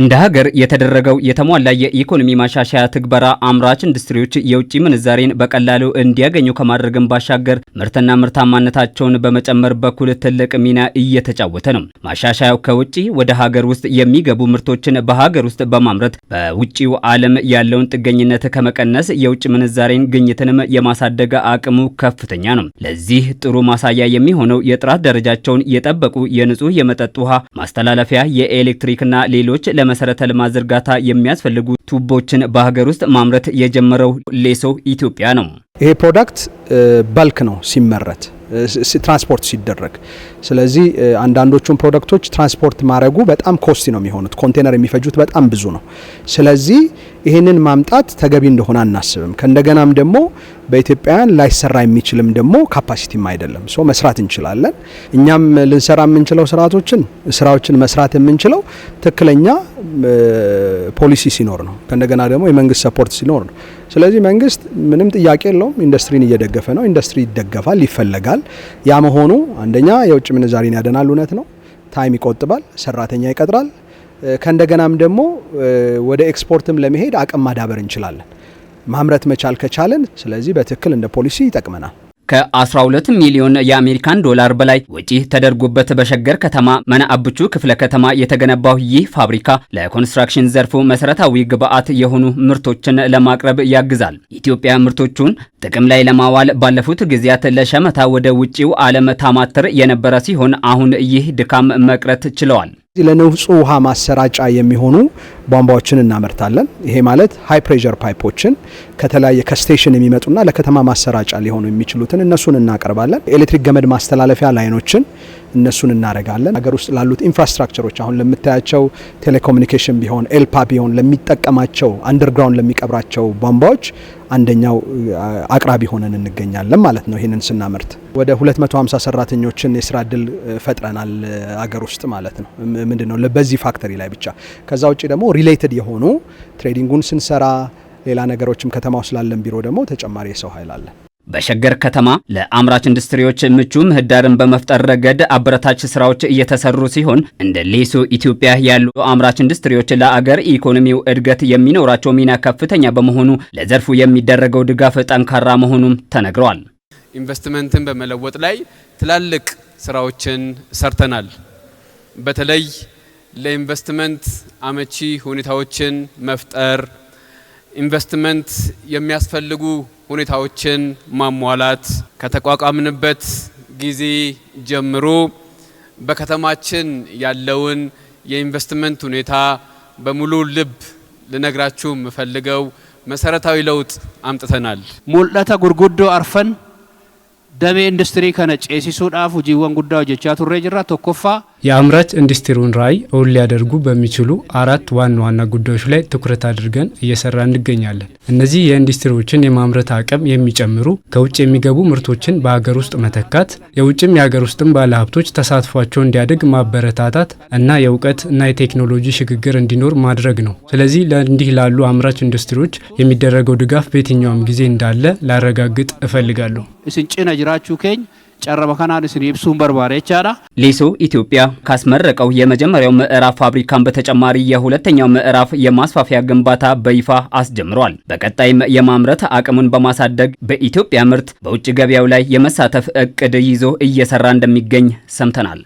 እንደ ሀገር የተደረገው የተሟላ የኢኮኖሚ ማሻሻያ ትግበራ አምራች ኢንዱስትሪዎች የውጭ ምንዛሬን በቀላሉ እንዲያገኙ ከማድረግን ባሻገር ምርትና ምርታማነታቸውን በመጨመር በኩል ትልቅ ሚና እየተጫወተ ነው። ማሻሻያው ከውጭ ወደ ሀገር ውስጥ የሚገቡ ምርቶችን በሀገር ውስጥ በማምረት በውጭው ዓለም ያለውን ጥገኝነት ከመቀነስ የውጭ ምንዛሬን ግኝትንም የማሳደግ አቅሙ ከፍተኛ ነው። ለዚህ ጥሩ ማሳያ የሚሆነው የጥራት ደረጃቸውን የጠበቁ የንጹህ የመጠጥ ውሃ ማስተላለፊያ፣ የኤሌክትሪክና ሌሎች ለመሰረተ ልማት ዝርጋታ የሚያስፈልጉ ቱቦችን በሀገር ውስጥ ማምረት የጀመረው ሌሶ ኢትዮጵያ ነው። ይሄ ፕሮዳክት በልክ ነው ሲመረት ትራንስፖርት ሲደረግ። ስለዚህ አንዳንዶቹን ፕሮዳክቶች ትራንስፖርት ማድረጉ በጣም ኮስቲ ነው የሚሆኑት። ኮንቴነር የሚፈጁት በጣም ብዙ ነው። ስለዚህ ይህንን ማምጣት ተገቢ እንደሆነ አናስብም። ከእንደገናም ደግሞ በኢትዮጵያውያን ላይሰራ የሚችልም ደግሞ ካፓሲቲም አይደለም። ሶ መስራት እንችላለን። እኛም ልንሰራ የምንችለው ስርዓቶችን ስራዎችን መስራት የምንችለው ትክክለኛ ፖሊሲ ሲኖር ነው። ከእንደገና ደግሞ የመንግስት ሰፖርት ሲኖር ነው። ስለዚህ መንግስት ምንም ጥያቄ የለውም ኢንዱስትሪን እየደገፈ ነው። ኢንዱስትሪ ይደገፋል፣ ይፈለጋል። ያ መሆኑ አንደኛ የውጭ ምንዛሪን ያደናል፣ እውነት ነው። ታይም ይቆጥባል፣ ሰራተኛ ይቀጥራል። ከእንደገናም ደግሞ ወደ ኤክስፖርትም ለመሄድ አቅም ማዳበር እንችላለን። ማምረት መቻል ከቻለን ስለዚህ በትክክል እንደ ፖሊሲ ይጠቅመናል። ከ12 ሚሊዮን የአሜሪካን ዶላር በላይ ወጪ ተደርጎበት በሸገር ከተማ መናአብቹ ክፍለ ከተማ የተገነባው ይህ ፋብሪካ ለኮንስትራክሽን ዘርፉ መሰረታዊ ግብዓት የሆኑ ምርቶችን ለማቅረብ ያግዛል። ኢትዮጵያ ምርቶቹን ጥቅም ላይ ለማዋል ባለፉት ጊዜያት ለሸመታ ወደ ውጪው ዓለም ታማትር የነበረ ሲሆን አሁን ይህ ድካም መቅረት ችለዋል። ለንጹህ ውሃ ማሰራጫ የሚሆኑ ቧንቧዎችን እናመርታለን። ይሄ ማለት ሀይ ፕሬዠር ፓይፖችን ከተለያየ ከስቴሽን የሚመጡና ለከተማ ማሰራጫ ሊሆኑ የሚችሉትን እነሱን እናቀርባለን። ኤሌክትሪክ ገመድ ማስተላለፊያ ላይኖችን እነሱን እናደርጋለን። ሀገር ውስጥ ላሉት ኢንፍራስትራክቸሮች አሁን ለምታያቸው ቴሌኮሙኒኬሽን ቢሆን ኤልፓ ቢሆን ለሚጠቀማቸው አንደርግራውንድ ለሚቀብራቸው ቧንቧዎች አንደኛው አቅራቢ ሆነን እንገኛለን ማለት ነው። ይህንን ስናመርት ወደ 250 ሰራተኞችን የስራ እድል ፈጥረናል አገር ውስጥ ማለት ነው። ምንድን ነው በዚህ ፋክተሪ ላይ ብቻ። ከዛ ውጭ ደግሞ ሪሌትድ የሆኑ ትሬዲንጉን ስንሰራ ሌላ ነገሮችም ከተማ ውስጥ ላለን ቢሮ ደግሞ ተጨማሪ የሰው ኃይል አለን። በሸገር ከተማ ለአምራች ኢንዱስትሪዎች ምቹ ምህዳርን በመፍጠር ረገድ አበረታች ስራዎች እየተሰሩ ሲሆን እንደ ሌሶ ኢትዮጵያ ያሉ አምራች ኢንዱስትሪዎች ለአገር ኢኮኖሚው እድገት የሚኖራቸው ሚና ከፍተኛ በመሆኑ ለዘርፉ የሚደረገው ድጋፍ ጠንካራ መሆኑም ተነግረዋል። ኢንቨስትመንትን በመለወጥ ላይ ትላልቅ ስራዎችን ሰርተናል። በተለይ ለኢንቨስትመንት አመቺ ሁኔታዎችን መፍጠር ኢንቨስትመንት የሚያስፈልጉ ሁኔታዎችን ማሟላት ከተቋቋምንበት ጊዜ ጀምሮ በከተማችን ያለውን የኢንቨስትመንት ሁኔታ በሙሉ ልብ ልነግራችሁ የምፈልገው መሰረታዊ ለውጥ አምጥተናል። ሙልዳታ ጉርጉዶ አርፈን ደሜ ኢንዱስትሪ ከነ ጬሲሱዳፍ ሁጂወን ጉዳ ጀቻ ቱሬ ጅራ ቶኮፋ የአምራች ኢንዱስትሪውን ራዕይ እውን ሊያደርጉ በሚችሉ አራት ዋና ዋና ጉዳዮች ላይ ትኩረት አድርገን እየሰራ እንገኛለን። እነዚህ የኢንዱስትሪዎችን የማምረት አቅም የሚጨምሩ ከውጭ የሚገቡ ምርቶችን በሀገር ውስጥ መተካት፣ የውጭም የሀገር ውስጥም ባለሀብቶች ተሳትፏቸው እንዲያድግ ማበረታታት እና የእውቀት እና የቴክኖሎጂ ሽግግር እንዲኖር ማድረግ ነው። ስለዚህ ለእንዲህ ላሉ አምራች ኢንዱስትሪዎች የሚደረገው ድጋፍ በየትኛውም ጊዜ እንዳለ ላረጋግጥ እፈልጋለሁ። ነጅራችሁ ኬኝ ጨረበ ከናን ስን ብሱን በርባሪ ይቻላ ሊሱ ኢትዮጵያ ካስመረቀው የመጀመሪያው ምዕራፍ ፋብሪካን በተጨማሪ የሁለተኛው ምዕራፍ የማስፋፊያ ግንባታ በይፋ አስጀምሯል። በቀጣይም የማምረት አቅሙን በማሳደግ በኢትዮጵያ ምርት በውጭ ገበያው ላይ የመሳተፍ እቅድ ይዞ እየሰራ እንደሚገኝ ሰምተናል።